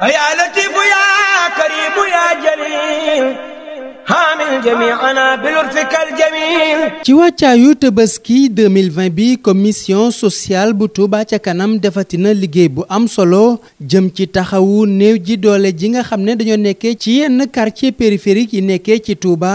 yaa latiifu yaa kariimu yaa jaliil ci wàccaayu tabaski 2020 bi commission sociale bu Touba ca kanam defatina liggéey bu am solo jëm ci taxawu néew ji doole ji nga xam ne dañoo nekk ci yenn quartier périphérique yi nekkee ci Touba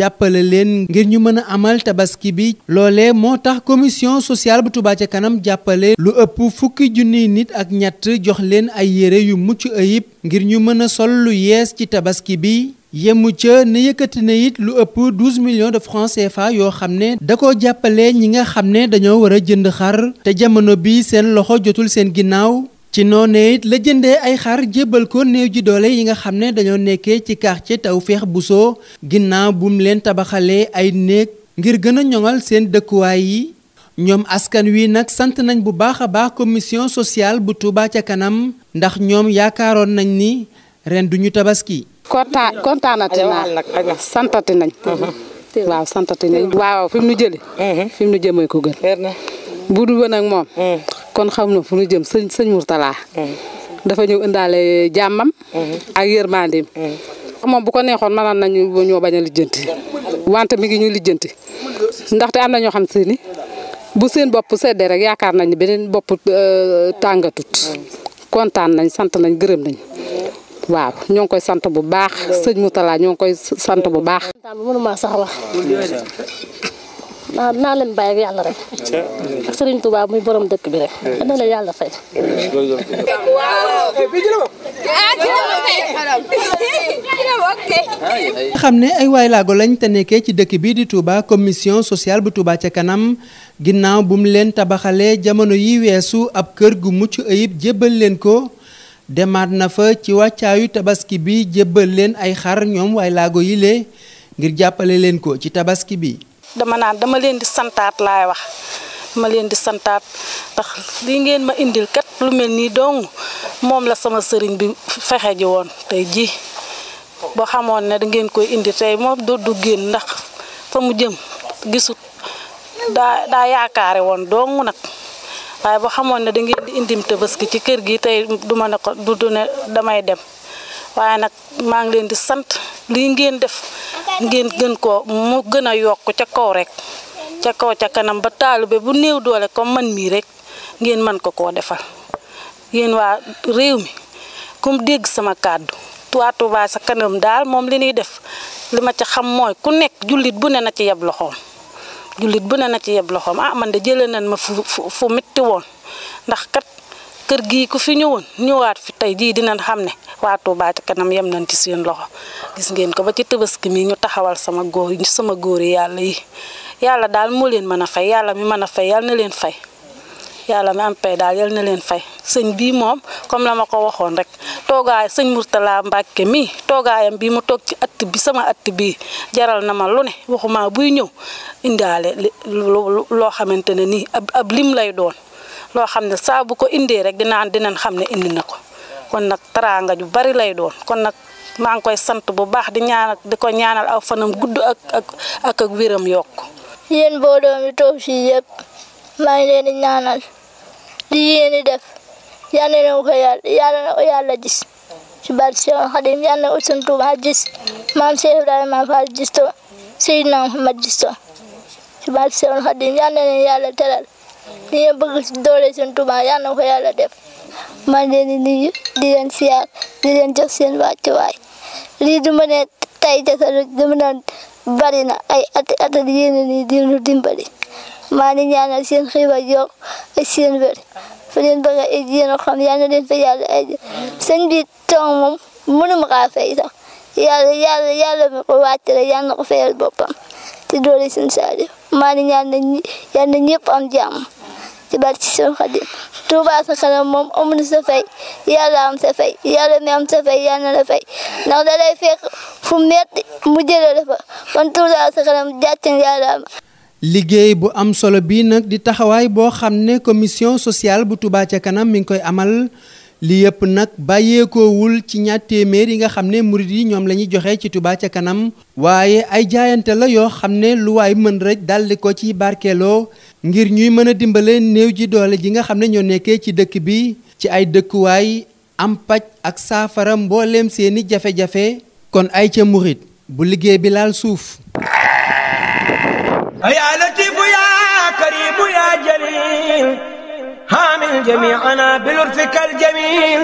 jàppale leen ngir ñu mën a amal tabaski bi loole moo tax commission sociale bu Touba ca kanam jàppale lu ëpp fukki junniy nit ak ñett jox leen ay yére yu mucc ayib ngir ñu mën a sol lu yees ci tabaski bi yemu ca ne yëkkati it lu ëpp 12 millions de francs CFA yoo xam ne da koo jàppale ñi nga xam ne dañoo war a jënd xar te jamono bi seen loxo jotul seen ginnaaw ci noonee it la jëndee ay xar jébbal ko néew ji doole yi nga xam ne dañoo nekke ci quartier Tawfekh Bousso feex bu ginnaaw mu leen tabaxalee ay néeg ngir gën a ñoŋal seen dëkkuwaay yi ñoom askan wi nag sant nañ bu baax a baax commission sociale bu Touba ca kanam ndax ñoom yaakaaroon nañ ni ren duñu tabaski kontaan kontaanati naa santati nañ. waaw santati nañ waaw fi mu nu jëlee. Mm-hmm. fi mu nu jëmee ko gën. bu dul woon ak moom. Mm. kon xam na fu nu jëm sëñ sëñ Mourtala. Mm. dafa ñëw indaale jàmmam. Mm-hmm. ak yërmandeem. Mm. moom bu ko neexoon mënoon nañu ñoo bañ a lijjanti wante mi ngi ñu lijjanti ndaxte am na ñoo xam si ni bu seen bopp seddee rek yaakaar nañ beneen bopp euh, tàngatut kontaan nañ sant nañ gërëm nañ. waaw ñoo ngi koy sant bu baax sëñ talaa ñoo ngi koy sant bu baax. mënuma sax wax naa naa leen bàyyi yàlla rek ak Serigne Touba muy borom dëkk bi rek yàlla fay. xam ne ay waay laago lañ te nekkee ci dëkk bii di Touba commission sociale bu Touba ca kanam ginnaaw bum leen tabaxale jamono yi weesu ab kër gu mucc ayib jébbal leen ko. demaat na fa ci wàccaayu tabaski bi jébbal leen ay xar ñoom waaye laago yi ngir jàppale leen ko ci tabaski bi. dama naan dama leen di santaat laay wax dama leen di santaat ndax lii ngeen ma indil kat lu mel nii dong moom la sama sëriñ bi fexe ji woon tey ji boo xamoon ne da ngeen koy indi tey moom du du génn ndax fa mu jëm gisut daa daa yaakaare woon dong nag. waaye boo xamoon na da ngeen di indim tabaski ci kër gi tey du ma ne ko du ne damay dem waaye nag maa ngi leen di sant lii ngeen def ngeen gën koo mu gën a yokk ca kaw rek ca kaw ca kanam ba taalu taalibe bu néew doole comme man mii rek ngeen mën ko koo defal yéen waa réew mi kom dégg sama kàddu Touba Touba ca kanam daal moom li ñuy def li ma ca xam mooy ku nekk jullit bu ne na ci yab loxoom jullit bu ne na ci yeb loxoom ah man de jëlee nañ ma fu fu métti woon ndax kat kër gi ko fi ñëwoon ñëwaat fi tey jii dina xam ne waa Touba ca kanam yem nan ci seen loxo gis ngeen ko ba ci Tabaski mi ñu taxawal sama góor sama góor yi yàlla yi yàlla daal moo leen mën a fay yàlla mi mën a fay yàlla na leen fay. yàlla mi am pay daal yal leen fay sëñ bii moom comme la ma ko waxoon rek toogaay sëñ Mourtala Mbacke mi toogaayam bi mu toog ci att bi sama att bi jaral na ma lu ne waxuma buy ñëw indaale loo xamante ne nii ab ab lim lay doon loo xam ne saa bu ko indee rek di naan di nan xam ne indi na ko kon nag taraanga ju bari lay doon kon nag maa ngi koy sant bu baax di ñaanal di ko ñaanal aw fanam gudd ak ak ak ak wéram yokk yéen toog fii yëpp maa leen di ñaanal di yéene def yal na ko yàlla yal na ko yàlla gis ci barke Seex Xaadim yal na ko Sëñ Tuubaa gis maam Seex Ibrahima Fall gis to Seydina Muhammad gis to ci barke Seex Xaadim yal na leen yàlla teral li ñu bëgg doole Sëñ Tuubaa yal ko yàlla def man leen di nuyu di leen siyaar di leen jox seen wàccuwaay lii du ne tey jota du ma ne bari na ay at at yéene nii di nu dimbali maa ngi ñaanal seen xibaar yokk ak seen wér fa leen bëgg a egg yéen a xam yàlla na leen fa yàlla egg seen bi temps moom mënuma kaa fay sax yàlla yàlla yàlla mi ko wàccale yàlla na ko fayal boppam te doole seen saali maa ngi sa kanam moom amul sa fay yàlla am sa fay yàlla na la fay ndax da lay fu metti mu jëlee la fa kon sa kanam jàccen yàlla am liggéey bu am solo bi nag di taxawaay boo xam ne commission sociale bu Touba ca kanam mi ngi koy amal li yëpp nag bàyyeekoowul ci ñaar téeméer yi nga xam ne murit yi ñoom la ñuy joxe ci Touba ca kanam waaye ay jaayante la yoo xam ne lu waay mën rek daldi ko ci barkeeloo ngir ñuy mën a dimbale néew ji doole ji nga xam ne ñoo nekkee ci dëkk bi ci ay dëkkuwaay am paj ak saafara mbooleem seeni jafe-jafe kon ay ca murit bu liggéey bi laal suuf يا لطيف يا كريم يا جليل هامل جميعنا بلطفك الجميل